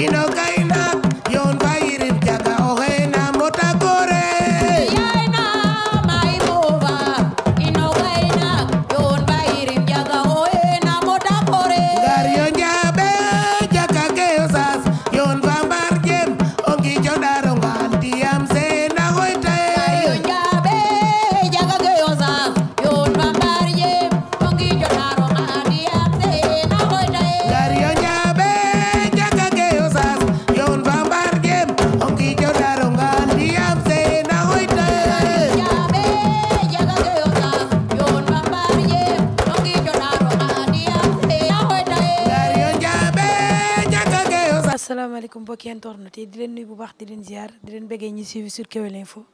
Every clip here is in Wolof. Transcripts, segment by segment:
y no caí baax di leen ziar di leen bëggee ñi suivi sur Kewel Info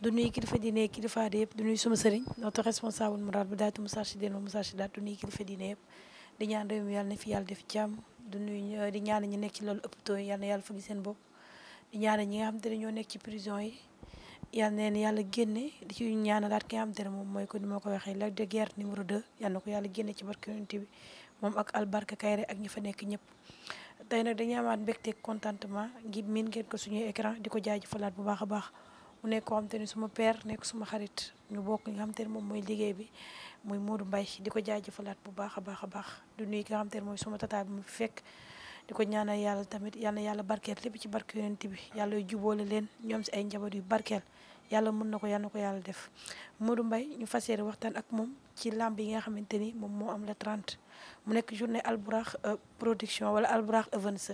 du nuyu kilifa yëpp du nuyu suma sëriñ notre responsable moral bi daatu Moustarchidine wa Moustarchidaat du nuyu kilifa yëpp di ñaan réew mi yàlla na fi yàlla def jàmm du nuyu ñaan ñi nekk ci loolu hôpitaux yi yàlla na yàlla fëgg seen bopp di ñaan ñi nga xam te ne ñoo nekk ci prison yi yàlla neen yàlla génne di ci ñaanalaat ki nga xam te ne moom mooy ko ni ma ko waxee Lac de Guiers numéro 2 yàlla na ko yàlla génne ak albarka fa nekk ñëpp tey nag dañuy amaat mbégte contentement ngir miin ngeen ko suñuy écran di ko jaajëfalaat bu baax a baax mu nekk koo xam suma peer nekk suma xarit ñu bokk nga xam te ne moom mooy liggéey bi muy Modou Mbaye di ko jaajëfalaat bu baax a baax a baax du nuyu ki nga xam te ne mooy suma tata bi mu fekk di ko ñaana yàlla tamit yal yàlla barkeel lépp ci barke yonent bi yàlla jubóole leen ñoom si ay njaboot yu barkeel yàlla mën na ko yal ko yàlla def Modou Mbaye ñu fas waxtaan ak moom ci lamb yi nga xamante ni moom moo am la 30 mu nekk journée alburax euh, production wala alburax events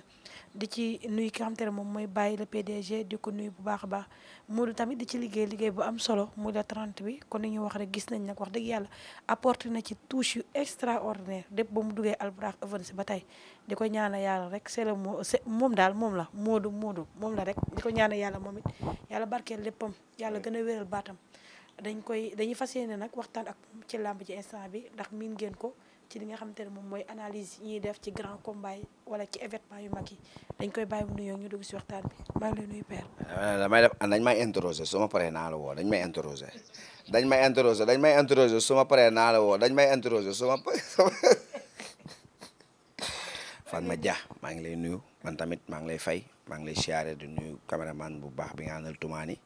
di ci nuy ki nga xamante ne moom mooy bàyyi le PDG di ko nuy bu baax a baax Modou tamit di ci liggéey liggéey bu am solo muy la 30 bi kon ni ñu wax rek gis nañ nag wax dëgg yàlla apporté na ci touche yu extraordinaire dépp ba mu duggee alburax events ba tey di ko ñaana yàlla rek c'est le mo moom daal moom la moodu Modou moom la rek di ko ñaana yàlla moom it yàlla barkeel léppam yàlla gën a wéral baatam dañ koy dañuy fas yéene nag waxtaan ak moom ci làmp ci instant bi ndax miin ngeen ko ci li nga xamante ne moom mooy analyse yi ñuy def ci grand combat yi wala ci événement yu mag yi dañ koy bàyyi mu nuyoo ñu dugg si waxtaan bi maa ngi lay nuyu père. Euh, damay dañ may interroger su ma paree naa la woo dañ may interroger dañ may interroger dañ may interroger su ma paree naa la woo dañ may interroger su ma Fatma Dia maa ngi lay nuyu man tamit maa ngi lay fay maa ngi lay siyaare di nuyu caméraman bu baax bi nga àndal Toumani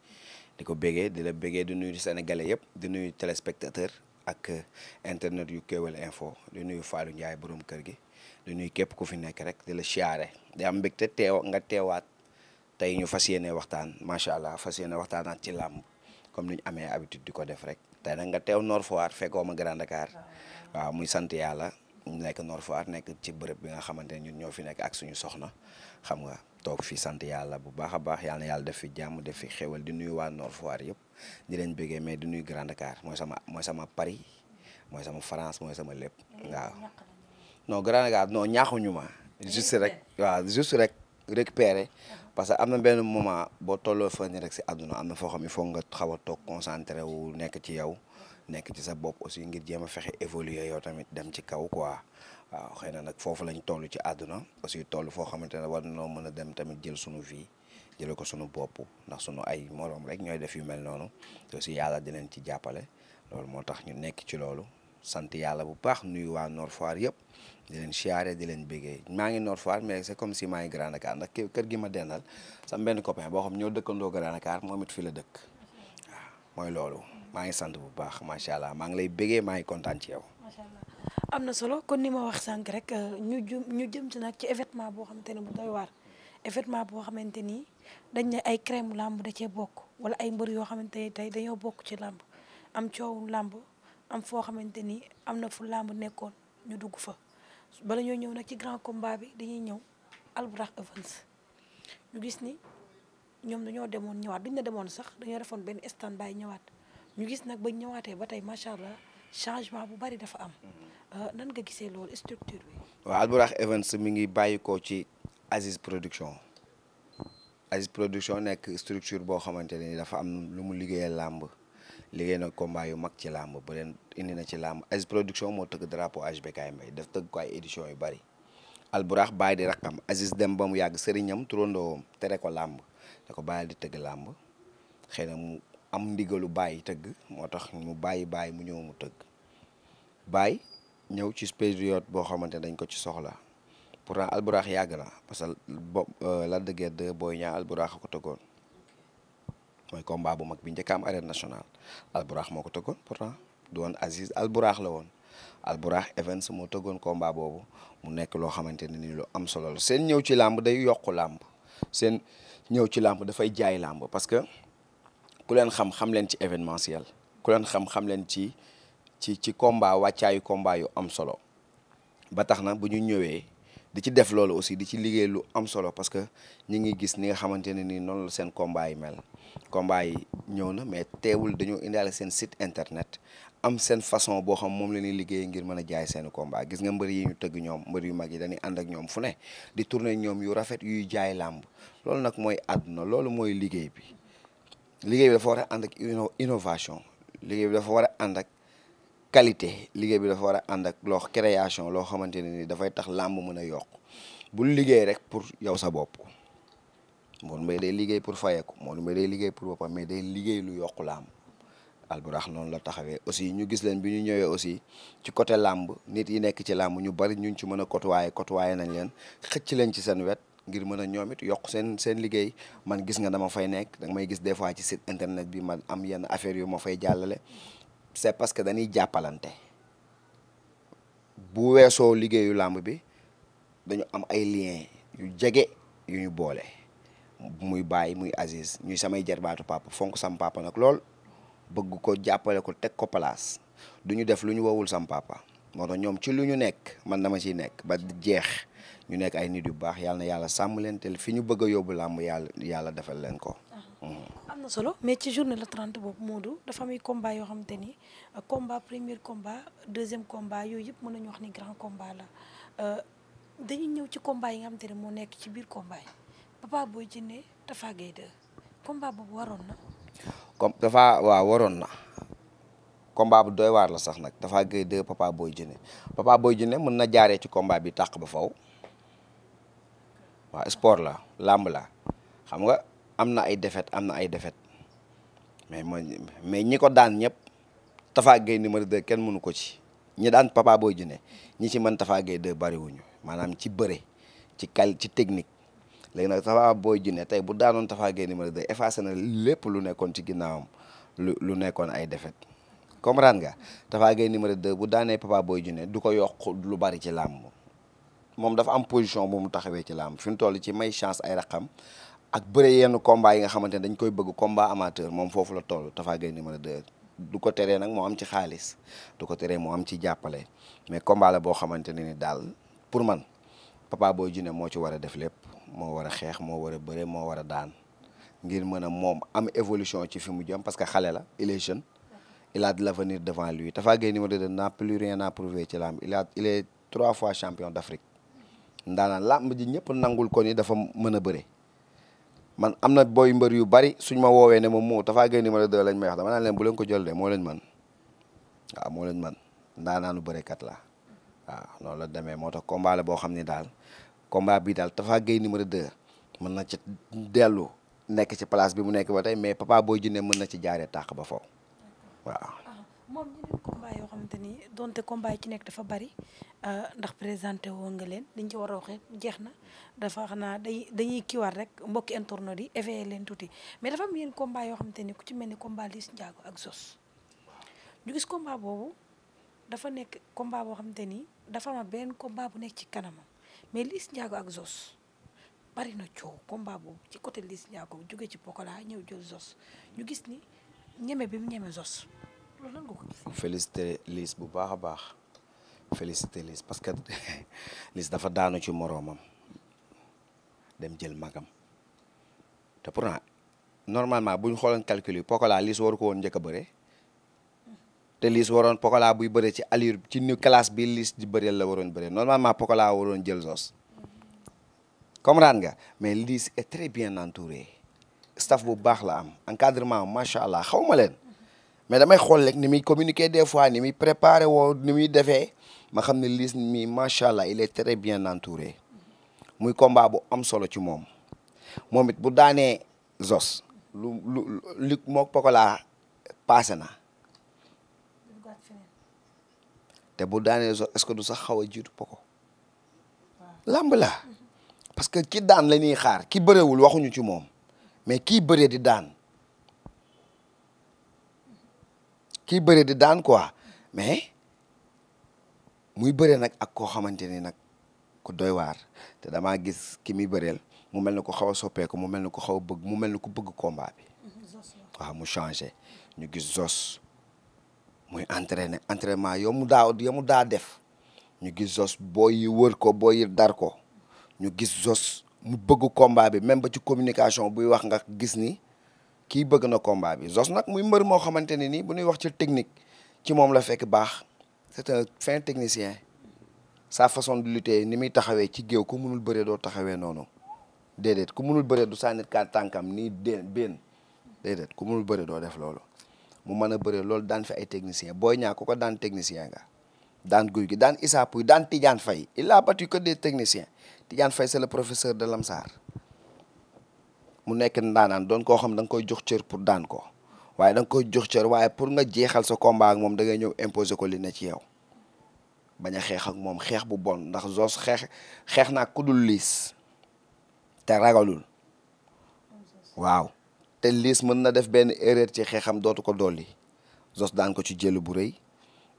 di ko bégee di la bégee di nuyu sénégalais yëpp di nuyu téléspectateur ak euh, internet yu Kewel Info di nuyu Fallou Ndiaye borom kër gi di nuyu képp ku fi nekk rek di la siyaare di am mbégte teew nga teewaat tey ñu fas yéene waxtaan macha allah fas yéene waxtaanaat ci làmb comme ni ñu amee habitude di ko def rek tey nag nga teew Nord Foire fekkoo ma Grand Dakar muy sant yàlla nekk Nord Foire nekk ci bërëb bi nga xamante ne ñun ñoo fi nekk ak suñu soxna. xam nga toog fi sant yàlla bu baax a baax yàlla yàlla def fi jàmm def fi xéwal di nuyu waa Nord Foire yëpp di leen bëggee mais di nuyu Grand mooy sama mooy sama Paris mooy sama France mooy sama lépp waaw non Grand Dakar non ñaaxuñu ma juste rek waaw juste rek récupérer parce que am na benn moment boo tolloo fa rek si àdduna am na foo xam ne foog nga xaw a toog concentré wu nekk ci yow nekk ci sa bopp aussi ngir jéem a fexe évoluer yow tamit dem ci kaw quoi waaw xëy na nag foofu lañ toll ci àdduna aussi toll foo xamante ne war noo mën a dem tamit jël sunu vie jële ko sunu bopp ndax suñu ay moroom rek ñooy def yu mel noonu te aussi yàlla leen ci jàppale loolu moo tax ñu nekk ci loolu sant yàlla bu baax nuyu waa Nord Foire yëpp di leen siyaare di leen béggee maa ngi Nord Foire mais c'est comme si maa ngi Grand Dakar ndax kër gi ma dendal sama benn copain boo xam ñoo dëkkandoo Grand Dakar moom it fi la dëkk waaw mooy loolu maa ngi sant bu baax macha allah maa ngi lay béggee maa ngi kontaan ci yow. am na solo kon ni ma wax sànq rek euh, ñu jëm ñu jëm ci nag ci événement boo xamante ne bu doy waar événement boo xamante ni dañ ne ay crème làmb da cee bokk wala ay mbër yoo xamante ni tey dañoo bokk ci làmb am coowu làmb am foo xamante ni am na fu làmb nekkoon ñu dugg fa bala ñoo ñëw nag ci grand combat bi dañuy ñëw Albourakh Events ñu gis ni ñoom dañoo demoon ñëwaat duñ na demoon sax dañoo defoon benn stand by ñëwaat ñu gis nag ba ñëwaatee ba tey macha allah changement bu bari dafa am. Mm-hmm. Euh, nan nga gisee loolu structure bi. waaw Events mi ngi bàyyi ko ci Aziz production Aziz production nekk structure boo xamante ne dafa am lu mu liggéeyal làmb liggéey na combat yu mag ci làmb ba leen indi na ci làmb Aziz production moo tëgg drapeau HBK Mbaye daf tëgg ko ay édition yu bari Albourakh bàyyi di rakkam Aziz dem ba mu yàgg sëriñam turandoowam tere ko làmb da ko bàyyil di tëgg làmb xëy na mu am ndigalu bàyyi tëgg moo tax mu bàyyi bàyyi mu ñëw mu tëgg bàyyi. ñëw ci période boo xamante dañ ko ci soxla pourtant alburax yàgg na parce que bo euh, Lac de Guiers 2 Boy Niang alburax a ko tëggoon mooy combat bu mag bi njëkk am arène nationale alburax moo ko tëggoon pourtant doon woon Aziz alburax la woon alburax Evans moo tëggoon combat boobu mu nekk loo xamante ne nii lu am solo la seen ñëw ci làmb day yokku làmb seen ñëw ci làmb dafay jaay làmb parce que ku leen xam xam leen ci événementiel ku leen xam xam leen ci. ci ci combat wàccaayu combat yu am solo ba tax na bu ñu ñëwee di ci def loolu aussi di ci liggéey lu am solo parce que ñu ngi gis ni nga xamante ne ni noonu la seen combat yi mel combat yi ñëw na mais teewul dañoo indaale seen site internet am seen façon boo xam moom la ñuy liggéey ngir mën a jaay seeni combat gis nga mbër yi ñu tëgg ñoom mbëri yu mag yi dañuy ànd ak ñoom fu ne di tourner ñoom yu rafet yuy jaay làmb loolu nag mooy àdduna loolu mooy liggéey bi liggéey bi dafa war liggéey bi dafa ànd ak qualité liggéey bi dafa war a ànd ak loo création loo xamante ne nii dafay tax làmb mën a yokk bul liggéey rek pour yow sa bopp Modou Mbaye day liggéey pour fayeku Modou Mbaye day liggéey pour boppam mais day liggéey lu yokk làmb alburax noonu la taxawee aussi ñu gis leen bi ñu ñëwee aussi ci côté làmb nit yi nekk ci làmb ñu bari ñu ci mën a côtoyé waaye nañ leen xëcc leen ci seen wet ngir mën a ñoom it yokk seen seen liggéey man gis nga dama fay nekk danga may gis des fois ci site internet bi ma am yenn affaire yu ma fay jàllale c'est parce que dañuy jàppalante bu weesoo liggéeyu làmb bi dañu am ay lien yu jege yu ñu boole muy Baye muy Aziz ñuy samay jarbaatu papa fonk sam papa nag lool bëgg ko jàppale ko teg ko palaas du ñu def lu ñu wowul sam papa moo tax ñoom ci lu ñu nekk man dama ciy nekk ba jeex ñu nekk ay nit yu baax yàlla yàlla sàmm leen te fi ñu bëgg a yóbbu làmb yàlla yàlla defal leen ko. Ah. Mm-hmm. am na solo mais ci journée la 30 boobu Modou dafa am ay combat yoo xamante ni euh, combat premier combat deuxième combat yooyu yëpp mën nañu wax ni grand combat la euh, dañuy ñëw ci combat yi nga xamante ne moo nekk ci biir combat yi Papa Boy Djiné Tapha Gueye waroon na. comme dafa waaw waroon na combat bu doy waar sax nag Tapha Gueye 2 Papa Boy Djiné Papa Boy mën na jaaree ci combat bi tàq ba faw waaw sport la làmb la xam nga. am na ay défaite am na ay défaite mais mooy mais ñi ko daan ñëpp Tafa Gueye numéro 2 kenn mënu ko ci ñi daan Papa Boy Djiné ñi ci mën Tafa Gueye 2 bariwuñu maanaam ci bëre ci kal ci technique léegi nag Tafa Boy Djiné tey bu daanoon Tafa Gueye numéro 2 effacé na lépp lu nekkoon ci ginnaawam lu lu nekkoon ay défaite comprendre nga Tafa Gueye numéro 2 bu daanee Papa booy Djiné du ko yokk lu bari ci làmb moom dafa am position bu mu taxawee ci làmb fi mu toll ci may chance ay raqam ak bëre yenn combat yi nga xamante ne dañ koy bëgg combat amateur moom foofu la toll Tapha Gueye numéro 2 du ko nag moo am ci xaalis du ko teree moo am ci jàppale mais combat la boo xamante ne ni daal pour man Papa boo Djiné moo ci war a def lépp moo war a xeex moo war a bëre moo war a daan ngir mën a moom am évolution ci fi mu jëm parce que xale la il est jeune il a de l'avenir devant lui Tapha Gueye numéro 2 n'a plus rien à prouver ci lamb il a il est trois fois champion ji ñëpp nangul ko ni dafa mën a bëre man am na booy mbër yu bari suñ ma woowee ne moom moo Tapha Gueye numéro 2 lañ may wax dama naan leen bu leen ko jol de moo leen man waaw moo leen man ndaanaanu bërekat la waaw loolu la demee moo tax combat la boo xam ne daal combat bi daal Tapha Gueye numéro 2 mën na ci dellu nekk ci place bi mu nekk ba tey mais Papa Boy Djiné mën na ci jaaree tàq ba faw waaw moom ñeneen combat yoo xamante ni donte combat yi ci nekk dafa bari euh, ndax présenté woon nga leen liñ ci war a waxee jeex na dafa xanaa day dañuy kiiwaat rek mbokki intorno di éveillé leen tuuti mais dafa am yeneen combat yoo xamante ni ku ci mel ni combat Liss ak Zoss ñu gis boobu dafa nekk combat boo xamante ni dafa am benn combat bu nekk ci kanamam mais Liss Ndiago ak Zoss bari na coow combat boobu ci côté Liss Ndiago jóge ci Pokola ñëw jël Zoss ñu gis ni ñeme bi mu ñeme Zoss félicité Liss bu baax a baax félicité Liss parce que Liss dafa daanu ci moroomam dem jël magam te pourtant normalement bu ñu xooloon calcul yi Pokola Liss ko woon njëkk a te Liss waroon Pokola buy bëre ci allure ci ni classe bi Liss di bëreel la waroon bëre normalement Pokola waroon jël Zoss comprendre nga mais Liss est très bien entouré staff bu baax la am encadrement macha allah xaw ma leen. mais damay xool rek ni muy communiquer des fois ni muy préparer woo ni muy defee ma xam ne Liss mi macha allah il est très bien entouré muy combat bu am solo ci moom moom it bu daane Zos lu lu li moog Pokola paase na te bu daanee Zos est-ce que du sax xaw a jiitu Poko lamb la parce que ki daan la ñuy xaar ki bërewul waxuñu ci moom mais kii bëree di daan. kiy bëre di daan quoi mais muy bëre nag ak koo xamante ni nag ku doy waar te damaa gis ki muy bëreel mu mel ne ko xaw a soppeeku mu mel ne ku xaw a bëgg mu mel ne ko bëgg combat bi mu changé ñu gis Zoss muy entraîné entraînement yo mu daa mu daa def ñu gis Zoss boo yi wër ko boo yi dar ko ñu gis Zoss mu bëgg combat bi même ba ci communication buy wax nga gis ni kii bëgg na combat bi Zoss nag muy mbër moo xamante ne nii bu ñuy wax ci technique ci moom la fekk baax c'est un fin technicien sa façon de lutter ni muy taxawee ci géew ku mënul bëree doo taxawee noonu déedéet ku mënul bëree du sànnit ka tànkam nii dén benn ku mënul bëree doo def loolu mu mën a bëree loolu daan fi ay technicien booy ñaa ku ko daan technicien nga daan guy gi daan Issa Pouye daan Tidiane fay il a battu que des techniciens Tidiane Faye c'est le professeur de Lamsar mu nekk ndaanaan doon koo xam da nga koy jox cër pour daan ko waaye da nga koy jox cër waaye pour nga jeexal sa combat moom da ñëw imposer ko li ci yow bañ a xeex ak moom xeex bu bon ndax Zoss xeex xeex naa ku dul liis te ragalul waaw te liis mën na def benn erreur ci xeexam dootu ko dolli Zoss daan ko ci jël bu rëy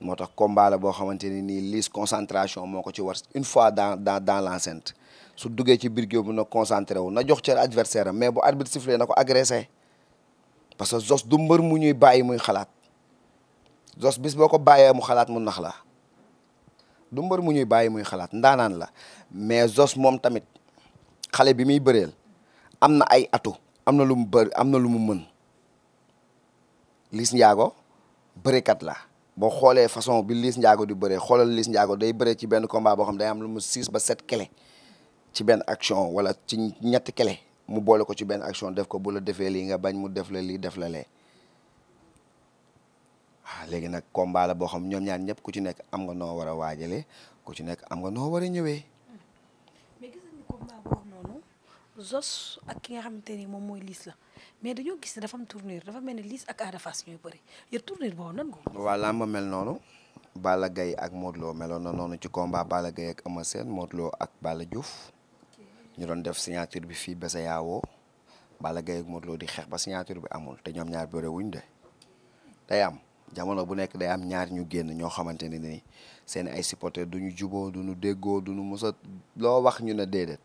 moo tax combat la boo xamante ni nii liis concentration moo ko ci war une fois dans dans dans l'enceinte su duggee ci biir géew bi na concentré wu na jox cër adversaire am mais bu arbitre sifflé na ko agressé parce que Zoss du mbër mu ñuy bàyyi muy xalaat Zoss bis boo ko bàyyee mu xalaat mu nax la du mbër mu ñuy bàyyi muy xalaat ndaanaan la mais Zoss moom tamit xale bi muy bëreel am na ay atu am na lu mu bër am na lu mu mën Liss Ndiago bërekat la boo xoolee façon bi Liss Ndiago di bëree xoolal Liss Ndiago day bëree ci benn combat boo xam day am lu mu six ba sept clé ci benn action wala ci ñetti kele mu boole ko ci benn action def ko bu la defee lii nga bañ mu def la lii def la lee ah léegi nag combat la boo xam ñoom ñaar ñëpp ku ci nekk am nga noo war a waajalee ku ci nekk am nga noo war a ñëwee. mais nga xamante ni moom mooy Liss mais dañoo gis ne dafa am dafa mel ni Liss ak Ada Fass ñooy bëri yow tournure boobu nan nga. waaw làmb mel noonu. baala gay ak Modou Lo meloon na noonu ci combat baala Gaye ak Eumeu Sène Modou ak Balla Diouf. ñu doon def signature bi fii Bese Yawo Balla Gaye ak Modou Lo di xeex ba signature bi amul te ñoom ñaar bëre wuñ de day am jamono bu nekk day am ñaar ñu génn ñoo xamante ne ni seen ay supporters du ñu juboo du ñu déggoo du ñu mës loo wax ñu ne déedéet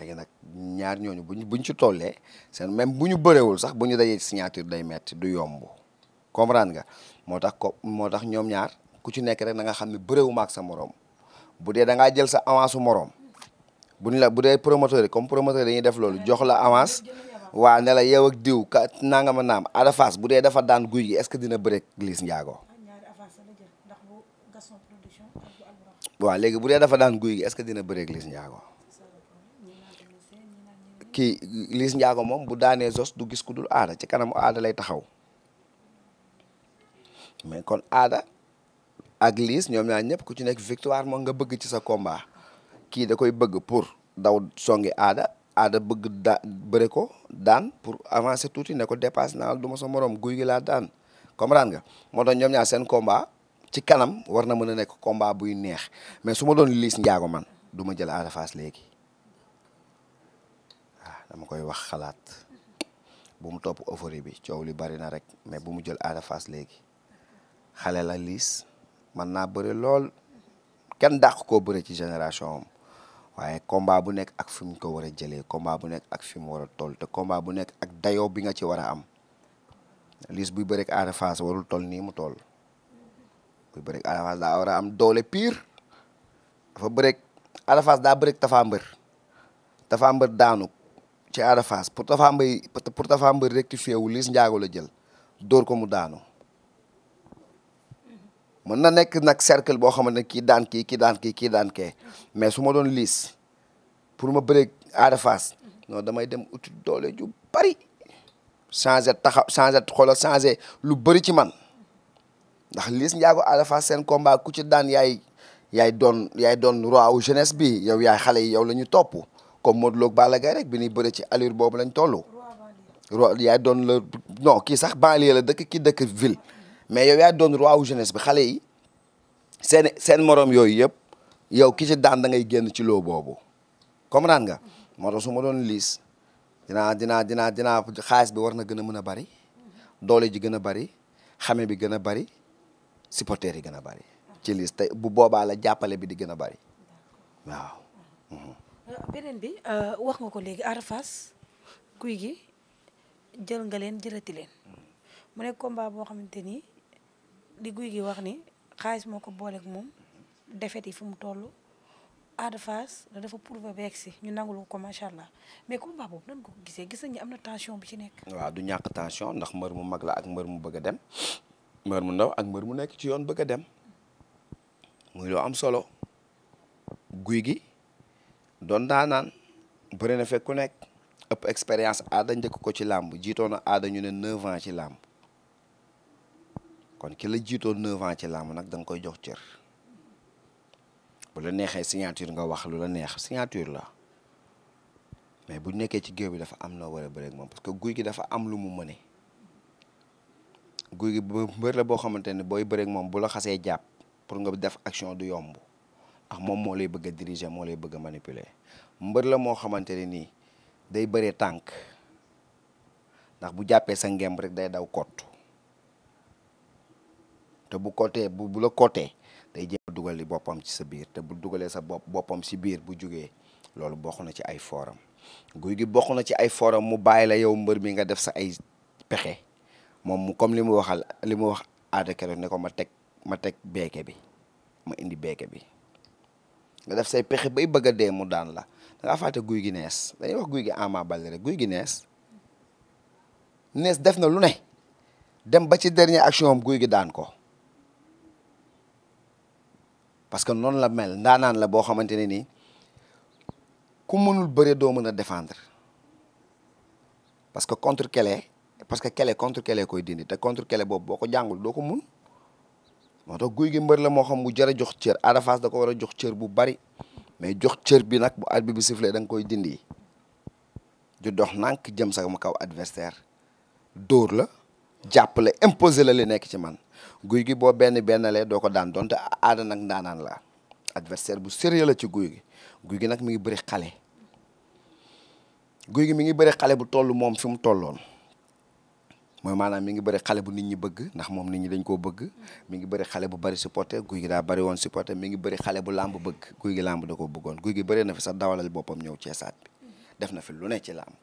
léegi nag ñaar ñooñu buñ buñ ci tollee seen même bu ñu bërewul sax bu ñu dajee signature day metti du yomb comprendre nga moo tax ko moo tax ñoom ñaar ku ci nekk rek na nga xam ne bërewu ma ak sa moroom bu dee da jël sa avance su bu ñu la bu dee promoteur yi comme promoteur dañuy def loolu jox la avance waa ne la yow ak diw ka nanga ma naam Ada Fass bu dee dafa daan guy gi est-ce que dina bëre Liss Ndiago waaw léegi bu dee dafa daan guy gi est-ce que dina bëre Liss Ndiago kii Liss moom bu daanee jos du gis ku dul aada ci kanamu aada lay taxaw mais kon aada ak Liss ñoom ñaar ñëpp ku ci nekk victoire moom nga bëgg ci sa combat kii da koy bëgg pour daw songi aada aada bëgg da bëre ko daan pour avancer tuuti ne ko dépasse naa du ma sa guy gi laa daan comprendre nga moo tax ñoom ñaar seen combat ci kanam war na mën a nekk combat buy neex mais su ma doon liis njaago man du ma jël Ada Fass léegi waaw ah, dama koy wax xalaat bu mu topp euphorie bi coow li bari na rek mais bu mu jël Ada léegi xale la liis man naa bëri lool kenn dàq koo bëri ci génération am waaye combat bu nekk ak fi mu ko war a jëlee combat bu nekk ak fim wara war te combat bu nekk ak dayo bi nga ci war a am Liss buy bëreeg Ada Fass warul toll nii mu toll buy bëreeg Ada Fass daa war a am doole pire dafa bëreeg Ada Fass daa bëreeg Tapha Mbeur Tapha Mbeur daanu ci Ada Fass pour Tapha Mbeur pour Tapha Mbeur rectifié wu Liss Ndiago la jël dóor ko mu daanu mën na nekk nag cercle boo xamante ne kii daan kii kii daan kii kii daan kee mais su ma doon liis pour ma bëreeg Ada Fass non damay dem uti doole ju bari changé taxaw changé xoolal changé lu bëri ci man ndax Liss Ndiago Ada Fass seen combat ku ci daan yaay yaay doon yaay doon roi wu jeunesse bi yow yaay xale yi yow la ñu topp comme Modou Lo ak rek bi ñuy bëre ci allure boobu lañ toll. yaay doon la non kii sax banlieue la dëkk kii dëkk ville. mais yow yaa doon roi wu jeunesse bi xale yi seen seen morom yooyu yëpp yow ki ci daan da ngay génn ci loo boobu comprendre nga moo tax su ma doon liis dinaa dinaa dinaa dinaa xaalis bi war na gën a mën a bari doole ji gën a bari xame bi gën a bari supporters yi gën a bari ci liis te bu boobaa la jàppale bi di gën a bari waaw. Mhm. beneen bi euh, wax nga ko léegi Arafas guy gi jël nga leen jëlati leen mm. mu nekk combat boo xamante ni. di guy gi wax ni xaalis moo ko booleeg moom defet yi fu mu toll Ada Fass dafa prouvé beeg si ñu nangu ko macha allah mais combat boobu nan ko gisee gis nañ am na tension bi ci nekk. waaw du ñàkk tension ndax mbër mu mag la ak mbër mu bëgg a dem mbër mu ndaw ak mbër mu nekk ci yoon bëgg a dem muy loo am solo guy gi doon naan bëri na fekk nekk ëpp expérience aada njëkk ko ci làmb jiitoon na aada ñu ne 9 ans ci làmb. kon ki la jiitoo neuf ans ci làmb nag danga koy jox cër bu la neexee signature nga wax lu la neex signature la mais bu nekkee ci géew bi dafa am noo war a bëreeg moom parce que guy gi dafa am lu mu mëne guy gi mbër la boo xamante ne booy bëreek moom bu la xasee jàpp pour nga def action du yomb ak moom moo lay bëgg a moo lay bëgg a manipuler mbër la moo xamante ne nii day bëree tànk ndax bu jàppee sa ngemb rek day daw kott te bu côté bu bu la côté day jéem dugal li boppam ci sa biir te bu dugalee sa bopp boppam si biir bu jugee loolu bokk na ci ay fooram guy gi bokk na ci ay fooram mu bàyyi la yow mbër mi nga def sa ay pexe moom comme li mu waxal li mu wax aada keroog ne ko ma teg ma teg beeke bi ma indi beeke bi nga def say pexe bay bëgg dee mu daan la da ngaa fàtte guy gi nees dañuy wax guy gi Ama Baldé rek guy gi nees nees def na lu ne dem ba ci dernier action am guy gi daan ko parce que noonu la mel ndaanaan la boo xamante ne nii ku mënul bëre doo mën a défendre parce que contre kele parce que kele contre kele koy dindi te contre kele boobu boo ko jàngul doo ko mun moo tax guy gi mbër la moo xam bu jar a jox cër Ada da ko war a jox cër bu bari mais jox cër bi nag bu arbitre bi koy dindi ju dox nànk jëm sama kaw adversaire dóor la jàpp la imposer la li nekk ci man guy gi boo benn bennalee doo ko daan donte aada nag ndaanaan la adversaire bu sérieux la ci guy gi guy gi nag mi ngi bëri xale guy gi mi ngi bëri xale bu toll moom fi mu tolloon mooy maanaam mi ngi bari xale bu nit ñi bëgg ndax moom nit ñi dañ koo bëgg mi ngi bari xale bu bëri supporter guy gi daa bari woon supporter mi ngi bari xale bu làmb bëgg guy gi làmb da koo bëggoon guy gi bëri na fi sa dawalal boppam ñëw ceesaat bi def na fi lu ne ci làmb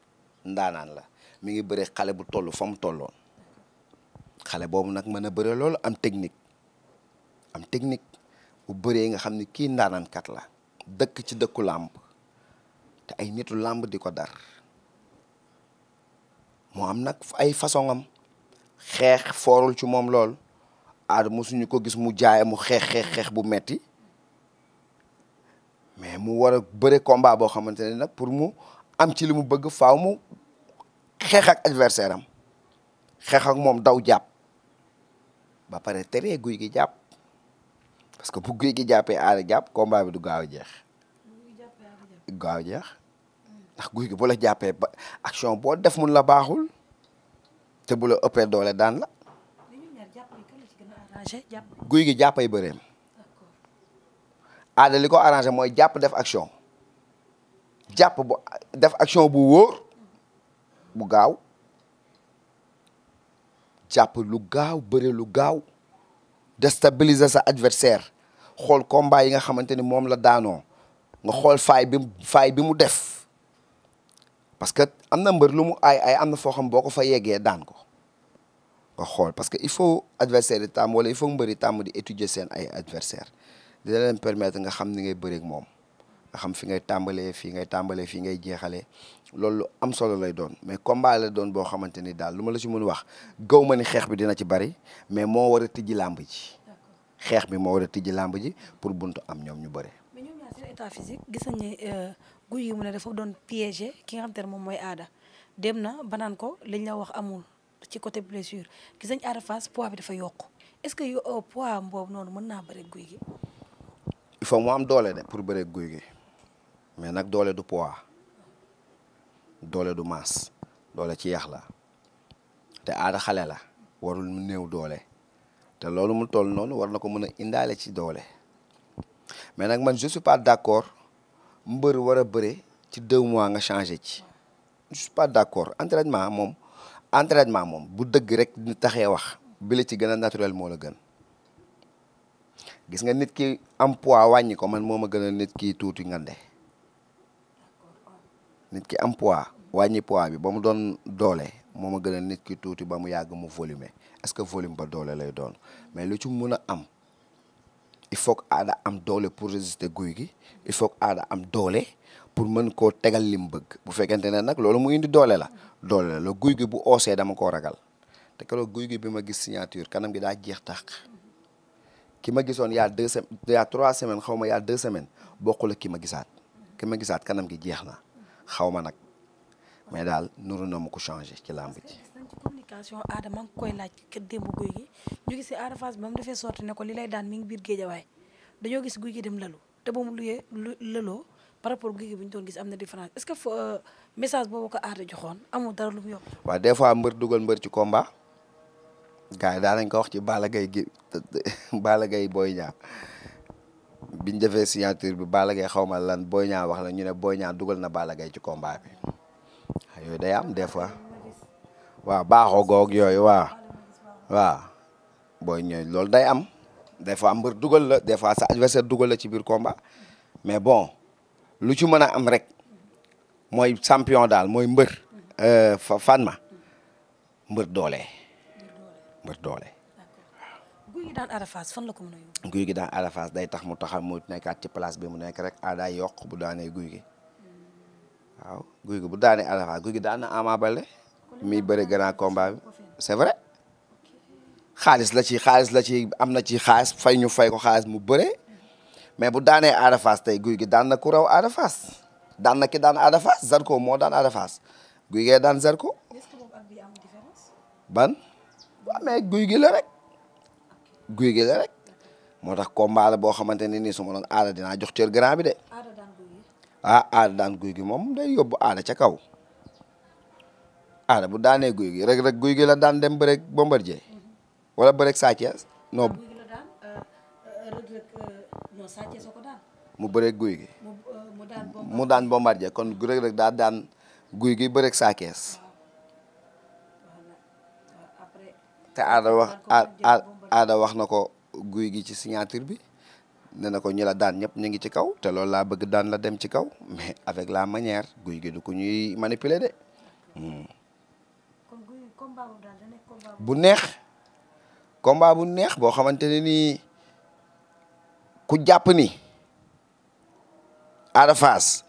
ndaanaan la mi ngi bëri xale bu toll fa mu tolloon xale boobu nag mën a bëre loolu am technique am technique bu bëree nga xam ni kii ndaanaankat la dëkk ci dëkku làmb te ay nitu làmb di ko dar moo am nag ay façon am xeex foorul ci moom lool aada mosuñu ko gis mu jaay mu xeex xeex bu metti mais mu war a bëre combat boo xamante ne nag pour mu am ci li mu bëgg faaw mu xeex ak adversaire am xeex ak moom daw jàpp ba pare teree guy gi jàpp parce que bu guy gi jàppee aada jàpp combat bi du gaaw jeex. gaaw a guy gi bu la jàppee ba action boo def mun la baaxul te bu la ëppee doole daan la. guy gi jàppay bëreem. aada li ko arrangé mooy jàpp def action jàpp bu def action bu wóor bu gaaw. jàpp lu gaaw bëre lu gaaw déstabiliser sa adversaire xool combat yi nga xamante ni moom la daanoo nga xool faay bi faay bi mu def parce que am na mbër lu mu aay aay am na foo xam boo ko fa yeggee daan ko nga xool parce que il faut adversaire tam tàmm il faut mbëri tàmm di étudier seen ay adversaire dina leen permettre nga xam ni ngay bëreek moom nga xam fi ngay tàmbalee fii ngay tàmbalee fii ngay jeexalee loolu lu am solo lay doon mais combat la doon boo xamante ni daal lu ma la ci mën wax gaw ma ni xeex bi dina ci bari mais moo war a tijji làmb ji xeex bi moo war a tijji làmb ji pour buntu am ñoom ñu bëri. mais ñoom gis ne euh, guy yi mu ne dafa doon piéger ki nga xam te ne moom mooy aada dem na ba naan ko liñ la wax amul ci côté blessure gis nañu aada face poids bi dafa yokk est-ce que euh, poids boobu noonu mën naa bëri guy gi. il faut mu am doole de pour bëri mais nag doole du poids doole du masse doole ci yax la te aada xale la warul mu néew doole te loolu mu toll noonu war na ko mën a indaale ci doole mais nag man je suis pas d'accord mbër war a bëre ci deux mois nga changé ci je suis pas d'accord entraînement moom entraînement moom bu dëgg rek ni taxee wax bi ci gën a naturel moo la gën gis nga nit ki am poids wàññi ko man moo ma gën a nit ki tuuti ngande nit ki am poids wàññi poids bi ba mu doon doole moo ma gën a nit ki tuuti ba mu yàgg mu volume est-ce que volume ba doole lay doon mais lu ci mun a am il faut que aada am doole pour résister guy gi il faut que aada am doole pour mën koo tegal li mu bëgg bu fekkente ne nag loolu mu indi doole la doole guy gi bu oosee dama koo ragal te keroog guy gi bi ma gis signature kanam gi daa jeex tax ki ma gisoon yaa deux trois semaines xaw ma yaa deux semaines bokkul ak ki ma gisaat ki ma gisaat kanam gi jeex na xaw ma nag mais daal nuru na mu ko changé ci làmb ji. communication Adama nga koy laaj kër démb guy gi ñu gis Ada Fass ba defee sorti ne ko li lay daan mi ngi biir géejawaay dañoo gis guy gi dem lalu te ba mu luyee lëloo par rapport guy gi bu ñu doon gis am na différence est-ce que euh, message boobu ko Ada joxoon amul dara lu mu yokk. waaw des fois mbër dugal mbër ci combat gars yi daan nañ ko wax ci bala gay gi Balla Gaye Boy biñ defee signature bi Balla Gaye xaw ma lan booy ñaa wax la ñu ne booy ñaa dugal na Balla ci combat bi ah, yooyu day am des fois waaw baaxoo goog yooyu waaw waaw booy ñooy loolu day am des fois mbër dugal la des fois sa adversaire dugal la ci biir combat mais bon lu ci mën a am rek mooy champion daal mooy mbër euh, fan ma mbër doole mbër doole guy gi daan arafaas guy gi daan arafaas day tax mu taxaw mu nekkaat ci place bi mu nekk rek ah daay yokk bu daanee guy gi waaw guy gi bu daanee arafaas guy gi daan na Ama Baldé mi bëri grand combat la ci xaalis la ci am na ci xaalis fay ñu fay ko xaalis mu bëre mais bu daanee arafaas tey guy gi daan na ku raw arafaas daan ki daan arafaas zarko moo daan arafaas guy gee daan zarko ban guy gi la rek. guy gi la rek moo tax combat la boo xamante ne nii su ma doon aada jox cër grand bi de. Ah, aada daan guy gi moom day yóbbu aada ca kaw aada bu daanee guy gi rek rek guy gi la daan dem bëreeg Bombardier mm-hmm. wala bëreeg Sa Thiès non. mu bëreeg guy gi. mu daan Bombardier kon rek rek daa daan guy gi bëreeg Sa Thiès ah, ah, te aada wax aada wax na ko guy gi ci signature bi ne ko ñi la daan ñëpp ñu ngi ci kaw te loolu laa bëgg daan la dem ci kaw mais avec la manière guy gi du ko ñuy manipuler de. Hmm. bu neex combat bu neex boo xamante ne nii ku jàpp ni Ada Fass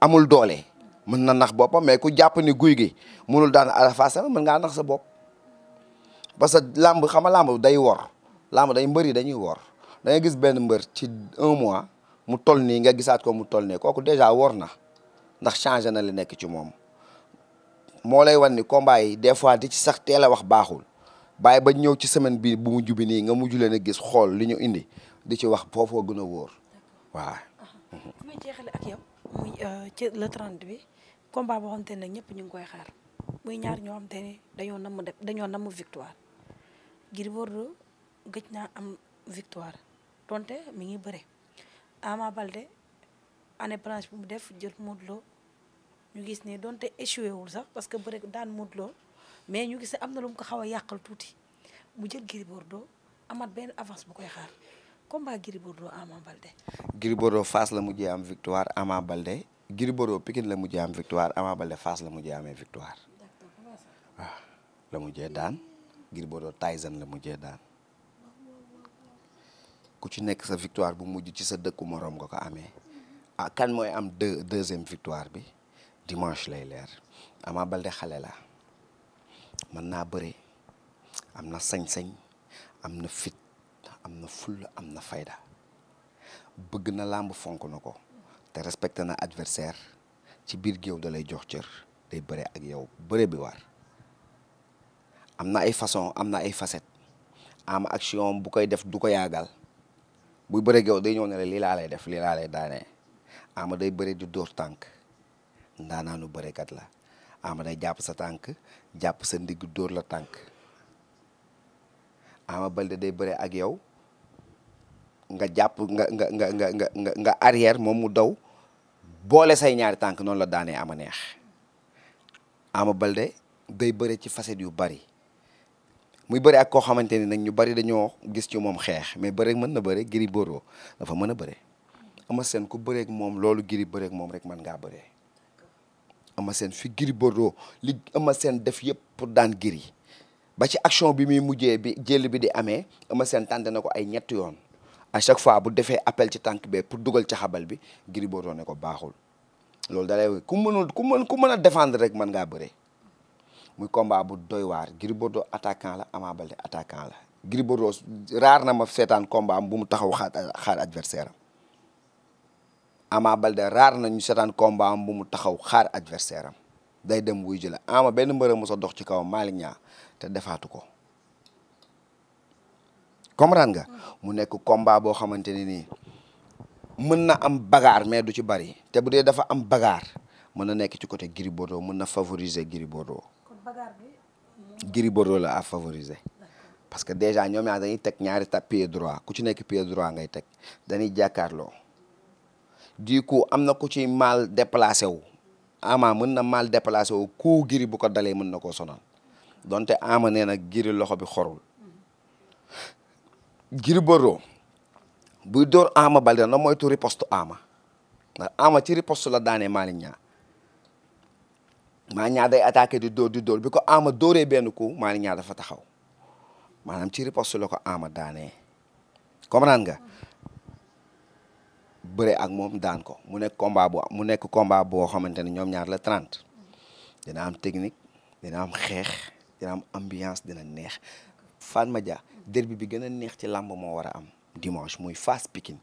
amul doole mën na nax boppam mais ku jàpp ni guy gi mënul daan Ada Fass mën ngaa nax sa bopp. parce que làmb xama nga làmb day wor làmb day yi dañuy wor da gis benn mbër ci un mois mu toll nii nga gisaat ko mu toll nii kooku déjà wor na ndax changé na li nekk ci moom moo lay wan ni combat yi des fois di ci sax teel a wax baaxul bàyyi ba ñëw ci semaine bi bu mujj bi nii nga mujj leen a gis xool li ñu indi di ci wax foofoo gën a wóor waaw. Uh-huh. Uh-huh. fi jeexale ak yow muy euh, ci le 30 bi combat boo xamante ne ñëpp ñu ngi koy xaar muy ñaar ñoo xamante ne dañoo namm dañoo namm victoire. Gris Bordeaux gëj naa am victoire donte mi ngi bëre Ama Balde année blanche bu mu def jël Modou Lo ñu gis ne donte échoué wul sax parce que bëre daan Modou Lo mais ñu gis ne am na lu mu ko xaw a yàqal tuuti mu jël Gris Bordeaux amaat benn avance bu koy xaar combat Gris Bordeaux Ama Balde. Gris Bordeaux Fass la mujjee am victoire Ama Balde Gris Bordeaux Pikine la mujjee am victoire Ama Balde Fass la mujjee amee victoire waaw ah, la mujjee daan. Gris Bordeaux Tyson la mujjee daan ku ci nekk sa victoire bu mujj ci sa dëkku moroom nga ko amee ah kan mooy am deux deuxième victoire bi dimanche lay leer Ama Baldé xale la mën naa bëre am na sañ-sañ am na fit am na fulla am na fayda bëgg na làmb fonk na ko te respecté na adversaire ci biir géew da lay jox cër day bëre ak yow bëre bi war am na ay façon am na ay facette am action bu koy def du ko yaagal buy bëre yow day ñëw ne la lii laa lay def lii laa lay daanee ama day bëri di dóor tànk ndaanaanu bërekat la ama day jàpp sa tànk jàpp sa ndigg dóor la tànk ama balde day bëre ak yow nga jàpp nga nga nga nga nga nga arrière moom mu daw boole say ñaari tànk noonu la am a neex ama balde day bëre ci facette yu bari muy bëri ak koo xamante ni nag ñu bëri dañoo gis ci moom xeex mais bëri mën na bëre Gris Bordeaux dafa mën a bëre ama seen ku bëreek moom loolu Gris bëreek moom rek mën ngaa bëree Eumeu Sène fi Gris Bordeaux li Eumeu seen def yëpp pour daan Gris ba ci action bi muy mujjee bi jël bi di amee Eumeu seen tànte na ko ay ñetti yoon à chaque fois bu defee appel ci tànk bee pour dugal ci xabal bi Gris Bordeaux ne ko baaxul loolu dalay ku mënul ku mën ku mën a défendre rek mën ngaa bëree muy combat bu doy waar Gris Bordeaux la Ama Baldé attaquant la Gris Bordeaux raar na ma seetaan combat bu mu taxaw xaar xaar adversaire am Ama Baldé raar na ñu seetaan combat am mu taxaw xaar adversaire am day dem wuy jëla ama benn mbër mos a ci kawam Malick Niang te defaatu ko comprendre nga mu nekk combat boo xamante ne nii mën na am bagaar mais du ci bari te bu dee dafa am bagaar mën na nekk ci côté Gris Bordeaux mën na favoriser Gris Bordeaux Gris Bordeaux la à favoriser parce que déjà ñoom ñaar dañuy teg ñaari ta pied droit ku ci nekk pied droit ngay teg dañuy jàkkaarloo di ko am na ku ci mal déplacé wu ama mën na mal déplacé wu ku Gris bu ko dalee mën na koo sonal donte ama nee na Gris loxo bi xorul Gris Bordeaux buy dóor Ama Baldé na moytu riposte Ama ndax Ama ci riposte la daanee Malick Malick Niang day di door di dóor bi ko Ama dóoree benn coup Malick Niang fa taxaw maanaam ci riposte la ko Ama daanee comprendre nga bëre ak moom daan ko mu nekk combat bu mu nekk combat boo xamante ne ñoom ñaar la 30 dina am technique dina am xeex dina am ambiance dina neex Fatma Dia derbi bi gën a neex ci làmb moo war a am dimanche muy Fass Pikine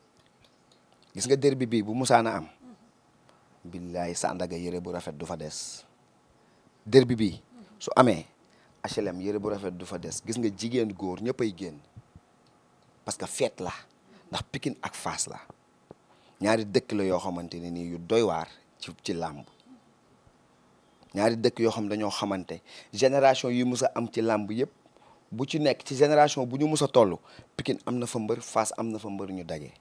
gis nga derbi bi bu musaana am billaay Sandaga yëre bu rafet du fa des derbi bi su amee HLM yére bu rafet du fa des gis nga jigéen góor ñëppay génn parce que feet la ndax Pikine ak Fass la ñaari dëkk la yoo xamante ne nii yu doy waar ci làmb ñaari dëkk yoo xam dañoo xamante génération yi mus a am ci làmb yëpp bu ci nekk ci génération bu ñu mus a toll Pikine am na fa mbër Fass am na fa mbër ñu dage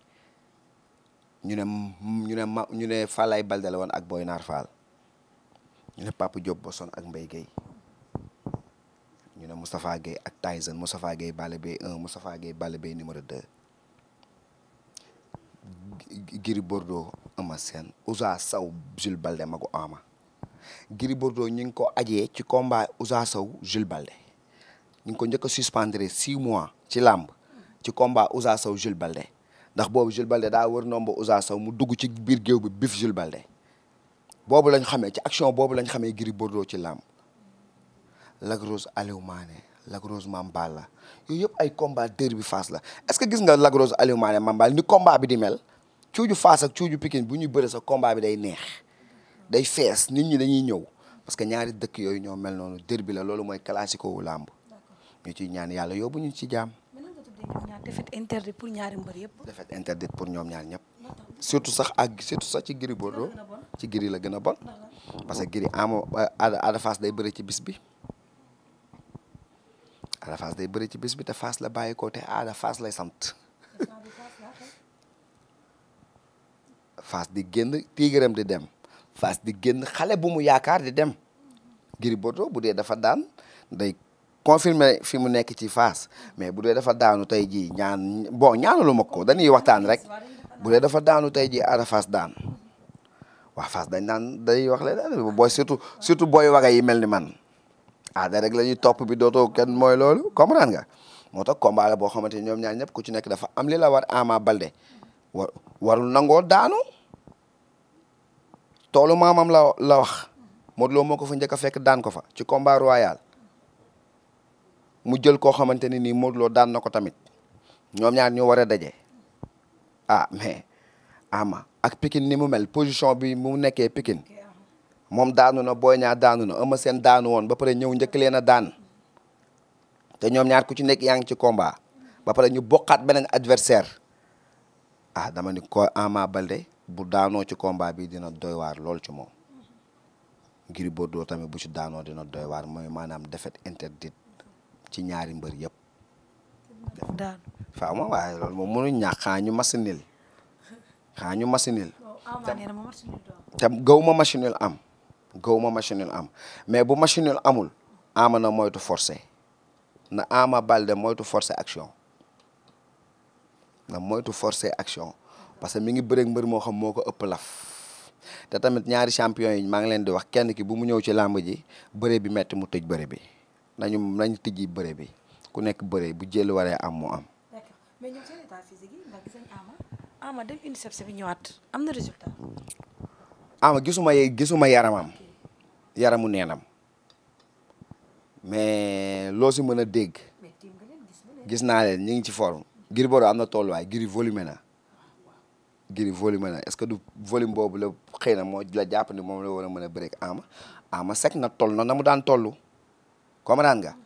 ñu ne ñu ne ma ñu ne Falaye Baldé la woon ak Boy Naar Fall ñu ne Papa Diop Boston ak Mbaye Gueye ñu ne Moustapha Gueye ak Tyson Moustapha Gueye Balla Gaye 1 Moustapha Gueye Balla Gaye numéro 2 Giri Bordeaux Ama Sène Ousa Saw Jules Balde magu Ama Giri Bordeaux ñu ngi ko ajee ci combat Ousa Saw Jules Balde ñu ngi ko njëkk a suspendre six mois ci làmb ci combat Ousa Saw Jules Balde ndax boobu Jules Balde daa war nomba Ousa Saw mu dugg ci biir géew bi bif Jules Balde boobu lañ xamee ci action boobu lañ xamee Gris Bordeaux ci làmb Lac Rose Aliou Mané Lac Rose Mamballa yooyu yëpp ay combat derby Fass la est-ce que gis nga Lac Rose Aliou Mané Mamballa ni combat bi di mel cuuju Fass ak cuuju Pikine bu ñuy bëre sa combat bi day neex day fees nit ñi dañuy ñëw parce que ñaari dëkk yooyu ñoo mel noonu derby la loolu mooy classico wu làmb ñu ciy ñaan yàlla yóbbu ñu ci jaam. defet interdit pour ñaari mbër yëpp. defet interdit pour ñoom ñaar ñëpp. surtout sax ak surtout sax ci Gris ci Gris la gën a bon parce que Gris ama euh, Ada Fass day bëri ci bis bi Ada day bëri ci bis bi te fas la bàyyi ko te Ada Fass lay sant Fass di génn tiigaram di dem Fass di génn xale bu mu yaakaar di dem Gris Bordeaux bu dee dafa daan day confirmé fi mu nekk ci Fass mais bu dee dafa daanu tey jii ñaan boo ñaanalu ma ko dañuy waxtaan rek bu dee dafa daanu tey ji Ada Fass daan wa fas dañ naan day wax leen booy surtout surtout booy waga yi mel ni man aada rek la topp bi dootoo kenn mooy loolu comprendre nga moo ta combat boo xamante ni ñoom ñaar ñëpp ku ci nekk dafa am li la war Ama Baldé war warul nangoo daanu toolu maamam la la wax Modou Lo moo ko fa njëkk a fekk daan ko fa ci combat royal mu jël koo xamante ni nii Modou daan na ko tamit ñoom ñaar ñoo war a daje. ah mais ama ak Pikine ni mu mel position bi mu nekkee pikin moom daanu na Boy Niang daanu na Eumeu Sène daanu woon ba pare ñëw njëkk leen a daan te ñoom ñaar ku ci nekk yaa ngi ci combat ba pare ñu bokkaat beneen adversaire ah dama ni ko Ama Baldé bu daanoo ci combat bi dina doy waar lool ci moom Gris Bordeaux tamit bu ci daanoo dina doy waar mooy maanaam défaite interdite ci ñaari mbër yëpp daanu faaw ma waaye loolu moom mënuñ ñàkk xaa ñu masinil xaa ñu masinil oh, te gaw ma machinil am gaw ma machinil am mais bu machine amul ama na moytu forcé na ama balde moytu force action na moytu force action parce que mi ngi bëreeg mbër moo xam moo ko ëpp laf te tamit ñaari champion yi maa ngi leen di wax kenn ki bu mu ñëw ci làmb ji bëre bi metti mu tëj bëre bi nañu tijji bëre bi ku nekk bëree bu jël waree am mu am. d'accord am na gisuma gisuma yaramam yaramu neenam mais loo si mën a dégg gis naa leen ñu ngi ci forme Gris Bordeaux am na tolluwaay Gris volume na Gris volume na est-ce que du volume boobu la xëy na moo la jàpp ni moom la war a mën a bëreek Ama Ama sec na toll na na mu daan toll comprendre nga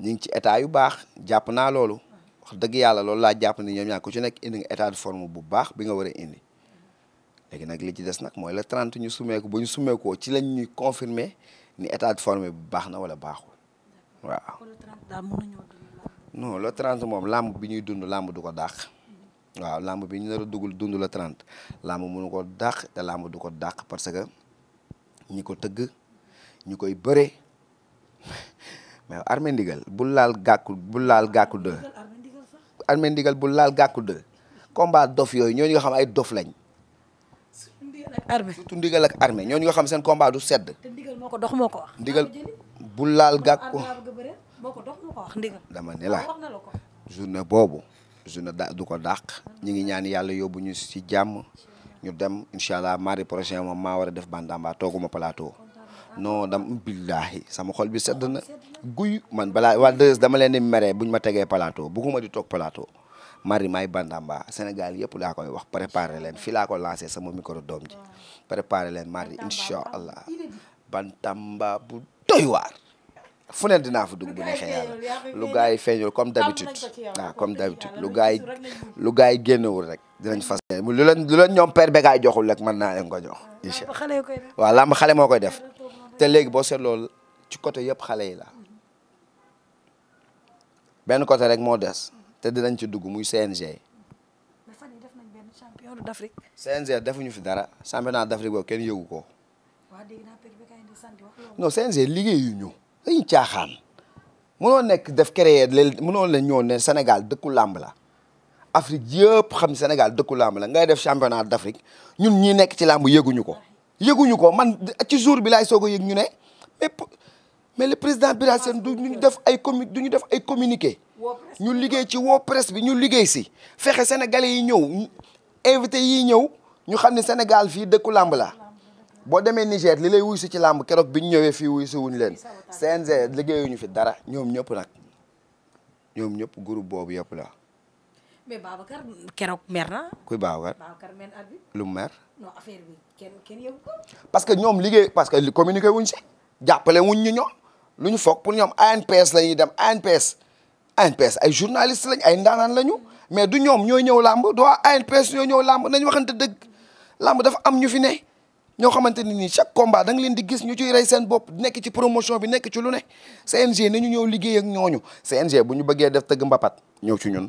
ñu ngi ci état yu baax jàpp naa loolu wax dëgg yàlla loolu laa jàpp ne ñoom ñaar ku ci nekk indi nga état de forme bu baax bi nga war a indi léegi nag li ci des nag mooy le 30 ñu sumeeku ba ñu sumeekoo ci lañ ñuy confirmer ni état de bu baax na wala baaxul waaw. non le 30 moom làmb bi ñuy dund làmb du ko dàq. waaw làmb bi ñu nar a dugul dund la 30 làmb munu ko dàq te làmb du ko dàq parce que ñu ko tëgg ñu koy bëre. mais armé ndigal bul laal gàkku bul laal gàkku deux armé ndigal bul laal gàkku deux combat dof yooyu ñooñu nga xam ay dof lañ. surtout ndigal ak armé ñooñu nga xam seen combat du sedd. dox moo ko wax. ndigal laal gàkku ko dama ne la journée boobu. journée da du ko dàq. ñu ngi ñaan yàlla yóbbu ñu si jàmm. ñu dem incha allah mardi prochain moom maa war a def Bantamba tooguma plateau. non dam billahi sama xol bi sedd na guy man balaa waa deux dama leen di meree buñ ma tegee plateau bugguma di toog palaato mari may bandamba Sénégal yëpp laa koy wax préparé leen fii laa ko lancé sama micro doom ji préparé leen mari incha allah bantamba bu doy waar fu ne dinaa fa dugg bu neexee lu gars yi feeñul comme d'habitude waaw comme d'habitude lu gars yi lu gars yi génnewul rek dinañ fas lu leen lu leen ñoom joxul rek mën naa leen ko jox ah, incha allah xale moo koy def te léegi boo lool ci côté yëpp xale yi la benn côté rek moo des te dinañ ci dugg muy CNG. mais fan yii def nañ defuñu fi dara championnat d'Afrique kenn yëgu ko. waaw dégg naa pej bi kañ nekk def créer léegi mënoo leen ñëw ne Sénégal dëkku làmb la. Afrique yëpp xam Sénégal dëkku làmb la ngay def championnat d'Afrique ñun ñi nekk ci làmb yëguñu ko. yëguñu ko man ci jour bi laay soog a yëg ñu ne mais mais le président Bira Sène du ñu def ay commu du def ay communiqué ñu liggéey ci woo presse bi ñu liggéey si fexe sénégalais yi ñëw invité yi ñëw ñu xam ne Sénégal fii dëkku làmb la boo demee Niger li lay wuy si ci làmb keroog bi ñu ñëwee fii wuy si wuñ leen liggéey liggéeyuñu fi dara ñoom ñëpp nag ñoom ñëpp groupe boobu yëpp la mais Babacar keroog mer na kuy Babacar Babacar mer lu mer parce que ñoom liggéey parce que communiqué wuñ si jàppale wuñ ñu ñoom lu ñu foog pour ñoom ANPS la ñuy dem ANPS ANPS ay journaliste lañ ay ndaanaan lañu mais du ñoom ñooy ñëw làmb doo ANPS ñooy ñëw làmb nañ waxante dëgg làmb dafa am ñu fi ne ñoo xamante ni nii chaque combat da nga leen di gis ñu ciy rey seen bopp nekk ci promotion bi nekk ci lu ne na ñu ñëw liggéey ak ñooñu CNG bu ñu bëggee def tëgg mbapat ñëw ci ñun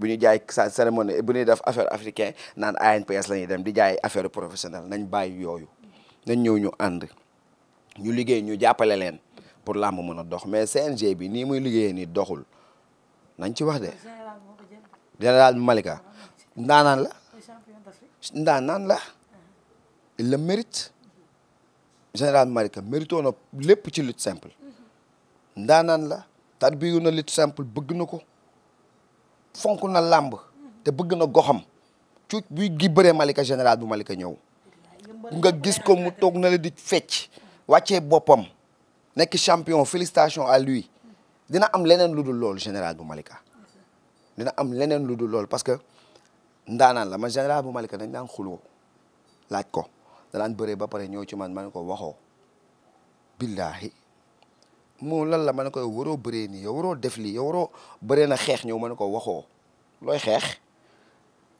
bu ñu jaay sa cérémonie bu ñuy def affaire africain naan ANPS la ñuy dem di jaay affaire professionnelle nañ bàyyi yooyu nañ ñëw ñu ànd ñu liggéey ñu jàppale leen pour làmb mën a dox mais CNG bi nii muy liggéey ni doxul nañ ci wax de général Malika ndaanaan la ndaanaan la il le mérite général Malika mérito na lépp ci lutte simple ndaanaan la tarbiyu na lutte simple bëgg na ko fonk na làmb te bëgg na goxam cuuc gi bëree Malika général bu Malika ñëw nga gis ko mu toog na la di fecc wàccee boppam nekk champion félicitations à lui dina am leneen lu dul loolu général bu Malika dina am leneen lu du lool parce que ndaanaan la ma général bu Malika dañ daan xuloo laaj ko da daan bëree ba pare ñëw ci man ma ne ko waxoo billaahi mu lan la ma ne ko yow waroo bëree nii yow waroo def lii yow waroo bëree na xeex ñëw ma ne ko waxoo looy xeex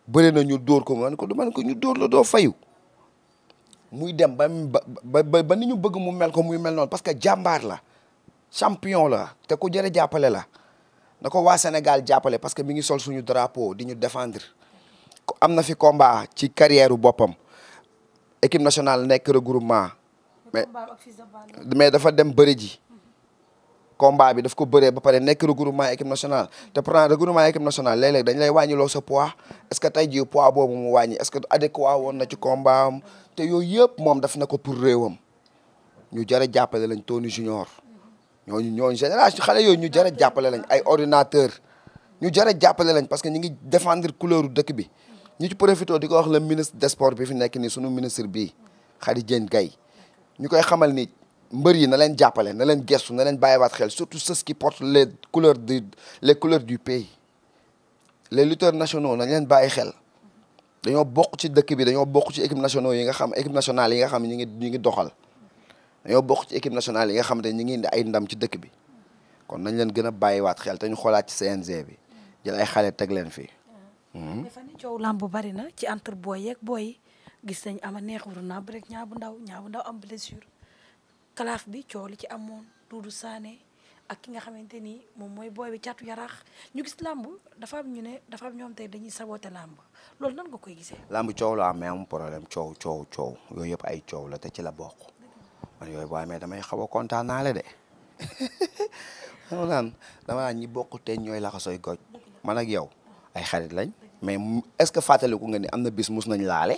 bëree na ñu dóor ko ma ne ko du ma ne ko ñu dóor la doo fayu muy dem ba ba ba ni ñu bëgg mu mel ko muy mel noonu parce que jàmbaar la champion la te ku jëre jàppale la na ko waa Sénégal jàppale parce que mi ngi sol suñu drapeau di ñu défendre am na fi combat ci carrière boppam équipe nationale nekk regroupement mais mais dafa dem bëri ji combat bi daf ko bëree ba pare nekk regroupement équipe nationale te pourtant regroupement équipe nationale léeg-léeg dañ lay wàññiloo sa poids est que tey jii poids boobu mu wàññi est-ce que adéquat woon na combat te yooyu yëpp moom def na ko pour réewam ñu jar a jàppale lañ Tony Junior ñooñu ñooñu xale yooyu ñu jar a jàppale lañ ay ordinateur ñu jar a jàppale lañ parce que ñu ngi défendre couleur dëkk bi ñu ci profité di ko wax le ministre des bi fi nekk nii sunu ministre bii Khady Diène mbër yi na leen jàppale na leen gestu na leen bàyyiwaat xel surtout ceux qui portent les couleurs du les couleurs du pays les leen bàyyi xel da dañoo bokk ci dëkk bi dañoo bokk ci équipe nationaux yi nga xam équipe nationale yi nga xam ñi ngi ñi ngi doxal dañoo bokk ci équipe nationale yi nga xam da ñi ngi indi ay ndam ci dëkk bi kon nañ leen gën a waat xel te ñu xoolaat ci CNG bi jël ay xale teg leen fii mhm. dafa ni coow làmb bari na ci entre booy yeeg booy gis nañ ama neexuru na kalaaf bi coow li ci amoon Doudou Sané ak ki nga xamante ni moom mooy booy bi catu yaraax ñu gis làmb dafa am ñu ne dafa ñoom tey dañuy saboté làmb loolu nan nga koy gisee. làmb coow la am mais am problème coow coow coow yooyu yëpp ay coow la ci la bokk yooyu boo amee damay xaw a kontaan naa la de xam naan ñi bokk te ñooy laxasooy goj man ak yow ay xarit lañ mais est-ce que fàttaliku nga ni am na bis mus nañ laale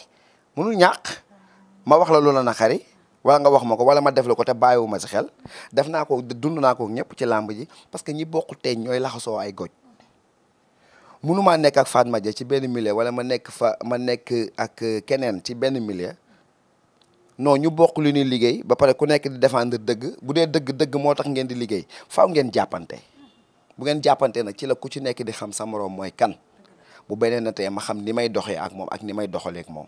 mënul ñàkk ma wax la loola na xari wala nga wax ma ko wala ma def la ko te bàyyiwu ma si xel def naa ko dund naa ko ñëpp ci làmb ji parce que ñi bokku teeñ ñooy laxasoo ay goj munumaa nekk ak Fatma Dia ci benn milieu wala ma nekk fa ma nekk ak keneen ci benn milieu noo ñu bokk lu ñuy liggéey ba pare ku nekk di défendre dëgg bu dee dëgg dëgg moo tax ngeen di liggéey faw ngeen jàppante bu ngeen jàppante nag ci la ku ci nekk di xam sa moroom mooy kan bu beneen na tey ma xam ni may doxee ak moom ak ni may doxaleek moom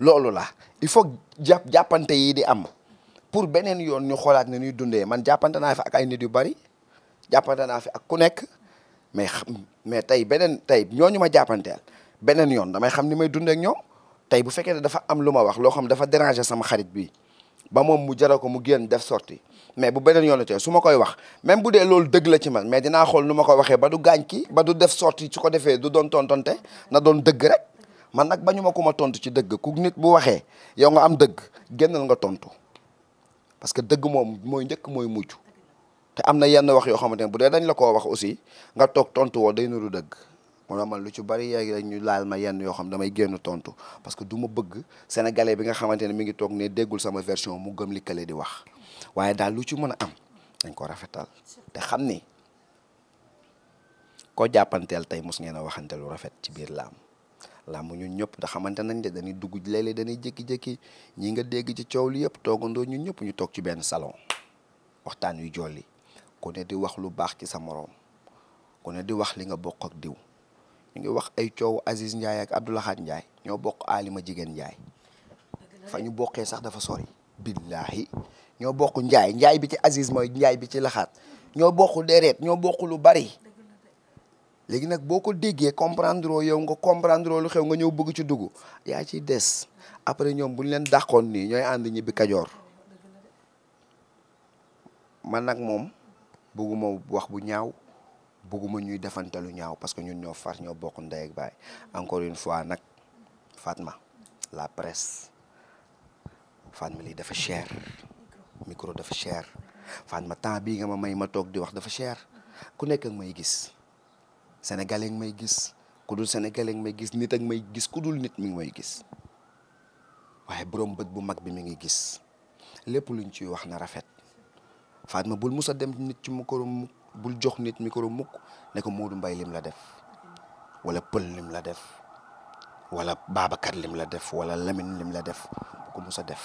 loolu la il faut jàpp jàppante yii di am pour beneen yoon ñu xoolaat na ñuy dundee man jàppante fi ak ay nit yu bari jàppante fi ak ku nekk mais mais tey beneen tey ñooñu ma jàppanteel beneen yoon damay xam ni may dundeek ak ñoom tey bu fekkee ne dafa am lu ma wax loo xam dafa déranger sama xarit bi ba moom mu jara ko mu génn def sorti mais bu beneen yoon la tey su ma koy wax même bu dee loolu dëgg la ci man mais dinaa xool nu ma koy waxee ba du gaañ ki ba du def sorti su ko defee du doon tontonte na doon dëgg man nag bañu ma ko ma tontu ci dëgg ku nit bu waxee yow nga am dëgg génnal nga tontu parce que dëgg moom mooy njëkk mooy mujj te am na yenn wax yoo xamante ne bu dee dañ la koo wax aussi nga toog tontu woo day nuru dëgg moo man lu ci bari yeeg rek ñu laal ma yenn yoo xam damay génn tontu parce que du ma bëgg sénégalais bi nga xamante ne mi ngi toog ne déggul sama version mu gëm li kale di wax waaye daal lu ci mën a am dañ ko rafetal te xam ni koo jàppanteel tey mos ngeen a waxante rafet ci biir laam làmb ñun ñëpp da xamante nañ de dañuy dugg léeg-léeg dañuy jékki-jékki ñi nga dégg ci coow li yëpp toogandoo ñu ñëpp ñu toog ci benn salon waxtaan yu jolli ku ne di wax lu baax ci sa moroom ku ne di wax li nga bokk ak diw ñu ngi wax ay coow Aziz Ndiaye ak Abdou laxaat Ndiaye ñoo bokk Alima Jigéen Ndiaye fa ñu bokkee sax dafa sori billaahi ñoo bokk njaay Ndiaye bi ci Aziz mooy Ndiaye bi ci Lahad ñoo bokk deret ñoo bokk lu bari léegi nag boo ko déggee comprendre yow nga comprendre lu xew nga ñëw bëgg ci dugg yaa ciy des après ñoom bu ñu leen dàqoon nii ñooy ànd ñibbi kajoor man nag moom bëgguma wax bu ñaaw bëgguma ñuy defante lu ñaaw parce que ñun ñoo far ñoo bokk ndey ak baay encore une fois nag faat ma la presse Fatma lii dafa cher micro dafa cher ma temps bii nga ma may ma toog di wax dafa cher ku nekk ak may gis. sénégalais may gis ku dul sénégalais may gis nit ak may gis ku dul nit mi ngi may gis waaye borom bët bu mag bi mu ngi gis lépp luñ ci wax na rafet Fatma bul mus a dem nit ci micro bul jox nit micro mukk ne ko Modou Mbaye lim la def wala Pël lim la def wala Babacar lim la def wala Lamine lim la def bu ko mus a def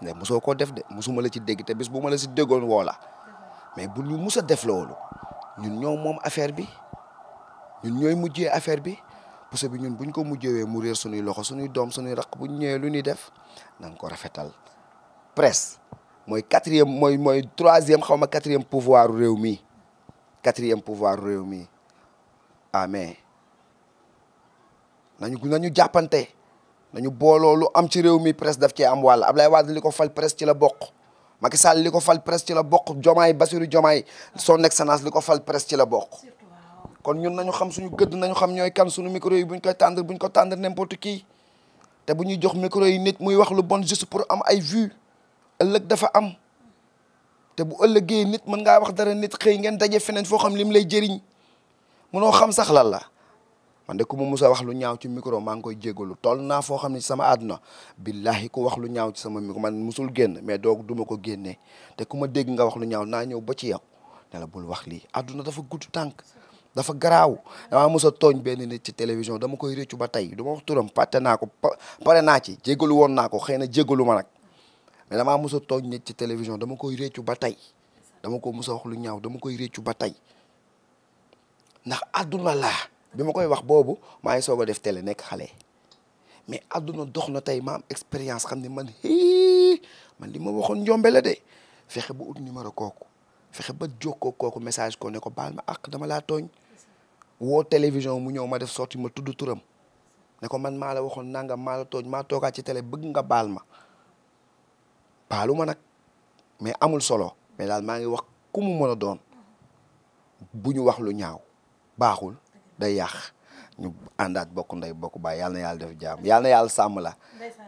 ndax musoo koo def de musuma la ci dégg te bis bu ma la si déggoon woo la mais bu ñu mus a def loolu ñun ñoo moom affaire bi. ñun ñooy mujjee affaire bi puso bi ñun buñ ko mujjewee mu réer suñuy loxo suñuy doom suñuy raq buñ ñëwee lu ñuy def nañ ko rafetal presse mooy quatrième mooy mooy troisième xaw ma quatrième pouvoir réew mi quatrième pouvoir réew mi amee nañu ñu jàppante nañu booloo lu am ci réew mi presse daf ci am wàll Ablaye Wade li ko fal presse ci la bokk Macky Sall li ko fal presse ci la bokk Jomaay Basiru Jomaay son excellence li ko fal presse ci la bokk kon ñun nañu xam suñu gëdd nañu xam ñooy kan suñu micro yi buñ koy tàndar buñ ko tàndar n'importe qui te bu ñuy jox micro yi nit muy wax lu bon juste pour am ay vues ëllëg dafa am te bu ëllëg ëllëgee nit mën ngaa wax dara nit xëy ngeen daje feneen foo xam lim lay jëriñ munoo xam sax lan la man de ku mu musa wax lu ñaaw ci micro maa ngi koy jégalu toll naa foo xam ne sama àdduna billahi ku wax lu ñaaw ci sama micro man musul génn mais doog duma ko génnee te ma dégg nga wax lu ñaaw naa ñëw ba ci yow bul wax lii àdduna dafa gudd tànk dafa garaaw damaa mos tooñ benn nit ci télévision dama koy réccu ba tey dama ma wax turam patte naa ko pare naa ci jégalu woon naa ko xëy na jégalu ma nag mais damaa mos a tooñ nit ci télévision dama koy réccu ba tey dama ko mos wax lu ñaaw dama koy réccu ba tey ndax àdduna laa bi ma koy wax boobu maa ngi soog a def télé nekk xale mais àdduna dox na tey ma am expérience xam ne man hii man li ma waxoon njombe de fexe ba ut numéro kooku fexe ba jokkoo kooku message ko ne ko baal ak dama laa tooñ woo télévision mu ñëw ma def sorti ma tudd turam ne ko man maa la waxoon nangam maa la tooj maa toogaat ci télé bëgg nga baal ma baalu nag mais amul solo mais daal maa ngi wax ku mu mën a doon bu ñu wax lu ñaaw baaxul day yàq ñu àndaat bokk ndey bokk baa yàlla na yàlla def jàmm yàlla na yàlla sàmm la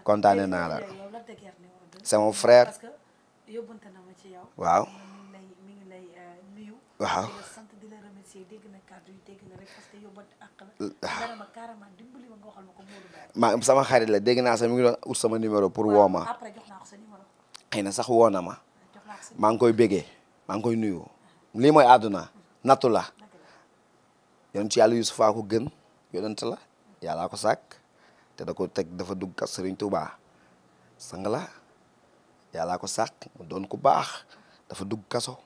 kontaane naa la sama frère waaw Ah. ma sama xarit la dégg naa sax mi ngi doon ut sama numéro pour woo ma na sax woo na ma maa ngi koy bégee maa ngi koy nuyu lii mooy àdduna nattu la yoon ci yàlla Yusufa ko gën yonent la yàllaa ko sàkk te da ko teg dafa dugg kat Sëriñ Tuubaa sang la yàllaa ko sàkk mu doon ku baax dafa dugg kaso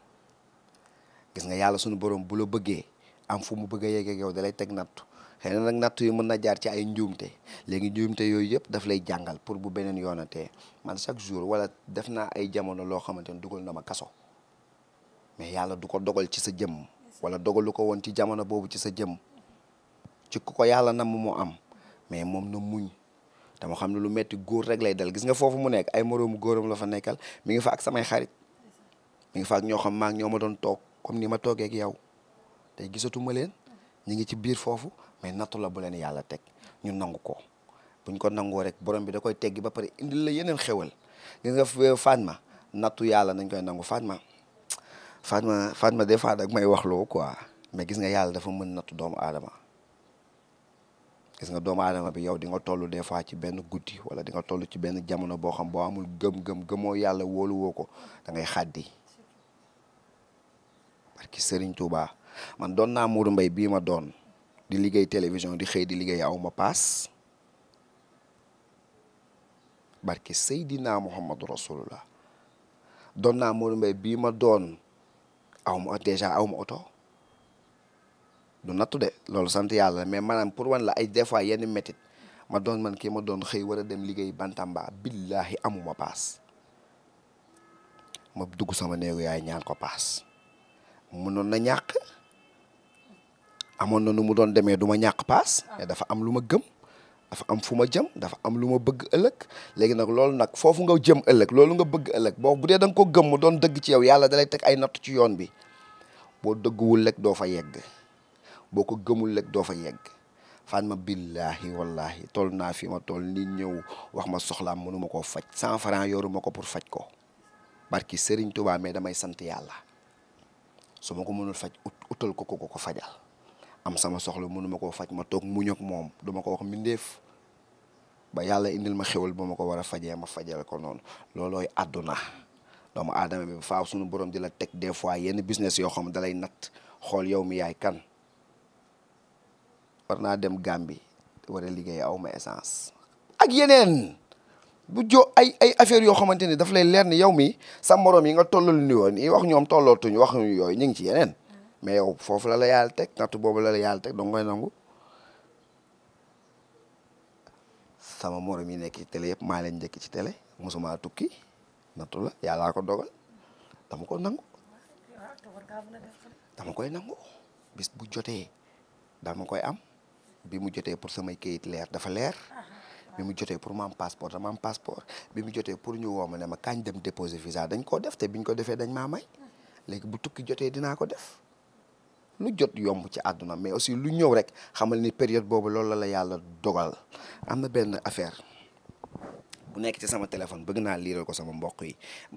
gis nga yàlla suñu borom bu la bëggee am fu mu bëgg a yeggee yow da teg nattu xëy na nag nattu yi mën na jaar ci ay njuumte léegi njuumte yooyu yëpp daf lay jàngal pour bu beneen yoonatee man chaque jour wala def naa ay jamono loo xamante ne dugal na ma kaso mais yàlla du ko dogal ci sa jëmm wala dogalu ko woon ci jamono boobu ci sa jëmm ci ku ko yàlla namm moo am mais moom na muñ te dama xam ne lu metti góor rek lay dal gis nga foofu mu nekk ay moroomu góoram la fa nekkal mi ngi fa ak samay xarit mu ngi fa ñoo xam maa ak ñoo ma doon toog comme nii ma toogee ak yow tey gisatuma leen ñu ngi ci biir foofu mais nattu la bu leen yàlla teg ñu nangu ko buñ ko nangoo rek boroom bi da koy teggi ba pare indil la yeneen xewal gis nga euh, Fatma nattu yàlla nañ koy nangu Fatma Fatma Fatma des fois dag may waxloo quoi mais gis nga yàlla dafa mën nattu doomu aadama gis nga doomu aadama bi yow di toll des fois ci benn guddi wala di toll ci benn jamono boo xam boo amul gëm-gëm gëmoo yàlla wóolu ko dangay ngay barki Serigne Touba man doon naa Modou mbay bii ma doon di liggéey télévision di xëy di liggéey aw ma paas barki Seydina Muhammadu Rasulullah doon naa Modou mbay bii ma doon aw ma aw ma oto du nattu de loolu sant yàlla mais maanaam pour wan la ay des fois yenn métit ma doon man kii ma doon xëy war a dem liggéey bantamba billahi amuma paas ma dugg sama néegu yaay ñaan ko paas mënoon na ñàkk amoon na nu mu doon demee du ma ñàkk paas dafa am lu ma gëm dafa am fu ma jëm dafa am lu ma bëgg ëllëg léegi nag loolu nag foofu nga jëm ëllëg loolu nga bëgg ëllëg boo bu dee danga nga ko gëm mu doon dëgg ci yow yàlla dalay teg ay nattu ci yoon bi boo dëgguwul rek doo fa yegg boo ko gëmul rek doo fa yegg fan ma billahi wallahi toll naa fi ma toll nii ñëw wax ma soxlaam mënuma koo faj cent francs yoru ko pour faj ko barki Serigne Touba mais damay sant yàlla su ma ko mënul faj utal ko ko ko fajal am sama soxla mënuma koo faj ma toog muñ moom duma ko wax mbindeef ba yàlla indil ma xewal ba ma ko war a fajee ma fajal ko noonu loolooy àdduna doomu aadama bi faaw suñu borom di la teg des fois yenn business yoo xam dalay natt xool yow mi yaay kan war naa dem Gàmbi war a liggéey aw ma essence ak yeneen bu jo ay ay affaire yoo xamante ni daf lay leer ni yow mi sa morom yi nga tollal ni woon yi wax ñoom tollootuñu wax ñu yooyu ñu ci yeneen mais yow foofu la la yàlla teg nattu boobu la la yàlla teg danga morom yi nekk ci yëpp maa leen njëkk ci télé mosuma tukki nattu la ko dogal dama ko nangu dama koy nangu bu jotee dama koy am bi mu jotee pour samay kayit leer dafa leer bi mu jotee pour ma am passeport dama am passeport bi mu jotee pour ñu ma ne ma kañ dem déposer visa dañ koo def te ko defee dañ maa léegi bu tukki jotee dinaa ko def lu jot yomb ci àdduna mais aussi lu ñëw rek xamal ni période boobu loolu la la yàlla dogal am na benn affaire bu nekk ci sama téléphone bëgg naa liiral ko sama mbokk yi